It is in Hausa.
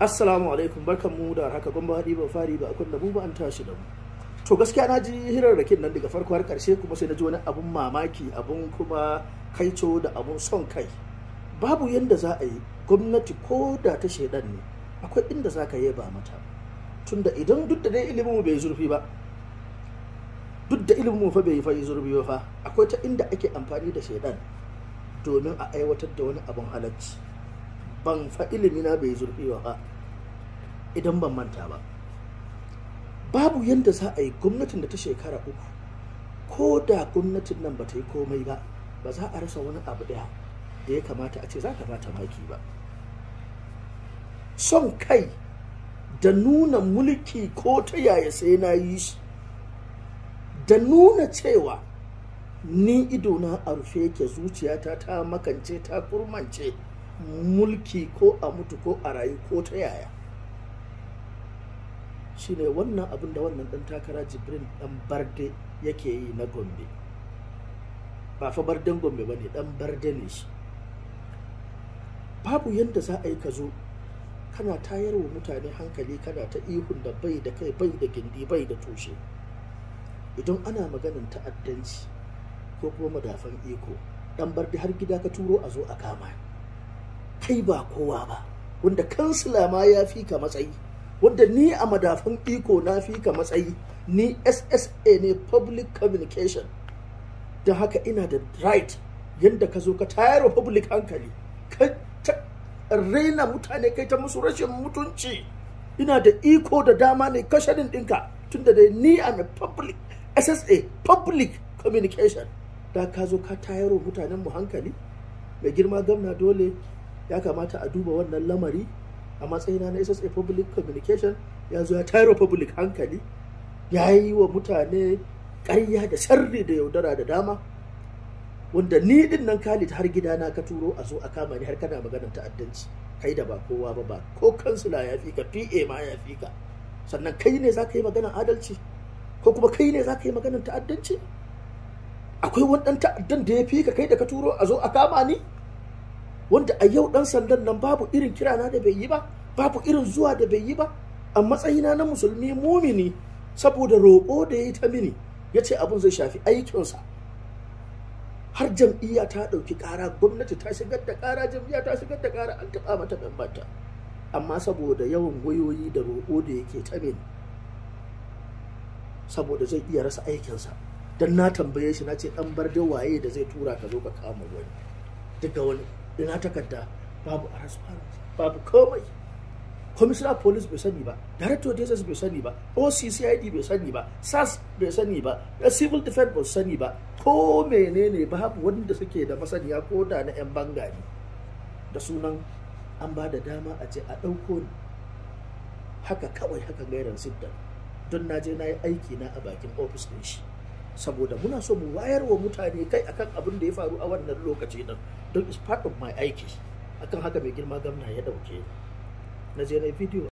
assalamu alaikum mu da haka gwamba haɗi ba fari ba akwai mu ba an tashi da mu to gaskiya na ji rakin nan daga farko har karshe kuma sai na ji wani abun mamaki abun kuma kaito da abun son kai babu yadda za a yi gwamnati ko da ta shaidan ne akwai inda za ka yaba mata tunda idan duk da dai ilimin bai zurfi ba duk da ilimin fa bai yi zurfi ba fa akwai ta inda ake amfani da shaidan domin a aiwatar da wani abun halacci ban fa ilimi na bai zurfi ba idan ban manta ba babu yadda za a yi gwamnatin da ta shekara uku ko da gwamnatin nan ba ta yi komai ba ba za a rasa wani abu daya da ya kamata a ce za ka bata maki ba son kai da nuna mulki ko ta yaya sai na yi shi da nuna cewa ni idona a rufe yake zuciyata ta makance ta kurmance mulki ko a mutu ko a rayu ko ta yaya Shi ne wannan abin da wannan ɗan takara jibrin ɗan barde yake yi na gombe ba fa barden gombe ba ne dan barde ne shi babu yadda za a yi ka zo kana tayar wa mutane hankali kana ta ihun da bai da kai bai da gindi bai da tushe idan ana maganin ta'addanci ko kuma madafan iko ɗan barde har gida ka turo a zo a kama kai ba kowa ba wanda kansila ma ya fi ka matsayi wanda ni a madafin iko na fi ka matsayi ni ssa ne public communication don haka ina da right yadda ka zo ka tayar wa public hankali ka raina mutane kai ta musu rashin mutunci ina da iko da dama ne kashirin dinka tunda da ni a public ssa public communication da ka zo ka tayar wa mutanen mu hankali mai girma gamna dole ya kamata a duba wannan lamari a matsayina na ssa public communication ya zo ya tayar public hankali ya yi wa mutane ƙarya da sharri da yaudara da dama wanda ni din nan kalit har gidana ka turo a zo a kama ni har kana maganar ta'addanci kai da ba kowa ba ba ko kansula ya fi ka PA ma ya fi ka sannan kai ne za ka yi maganar adalci ko kuma kai ne za ka yi maganar ta'addanci akwai wani ta'addan da ya fi ka kai da ka turo a zo a kama ni wanda a yau ɗan sandan nan babu irin kirana da bai yi ba babu irin zuwa da bai yi ba a matsayina na musulmi mumini saboda roƙo da ya yi ta mini ya ce abin zai shafi aikinsa har jam'iyya ta ɗauki ƙara gwamnati ta shigar da ƙara jam'iyya ta shigar da ƙara an taɓa mata bambanta amma saboda yawan wayoyi da roƙo da yake ta mini saboda zai iya rasa aikinsa Dan na tambaye shi na ce ɗan bar waye da zai tura ka zo ka kama wani daga wani ina takarda babu arasparas babu komai commissioner police bai sani ba director of justice bai sani ba occid bai sani ba sas bai sani ba civil defense bai sani ba ko menene babu wanda suke da masaniya ko da na yan banga da sunan an ba da dama a ce a ɗauko ni haka kawai haka gairan siddar don na je na yi aiki na a bakin ofis ɗin shi saboda muna so mu wayar wa mutane kai akan abin da ya faru a wannan lokaci din don is part of my aiki akan haka mai girma gamna ya dauke na je na bidiyo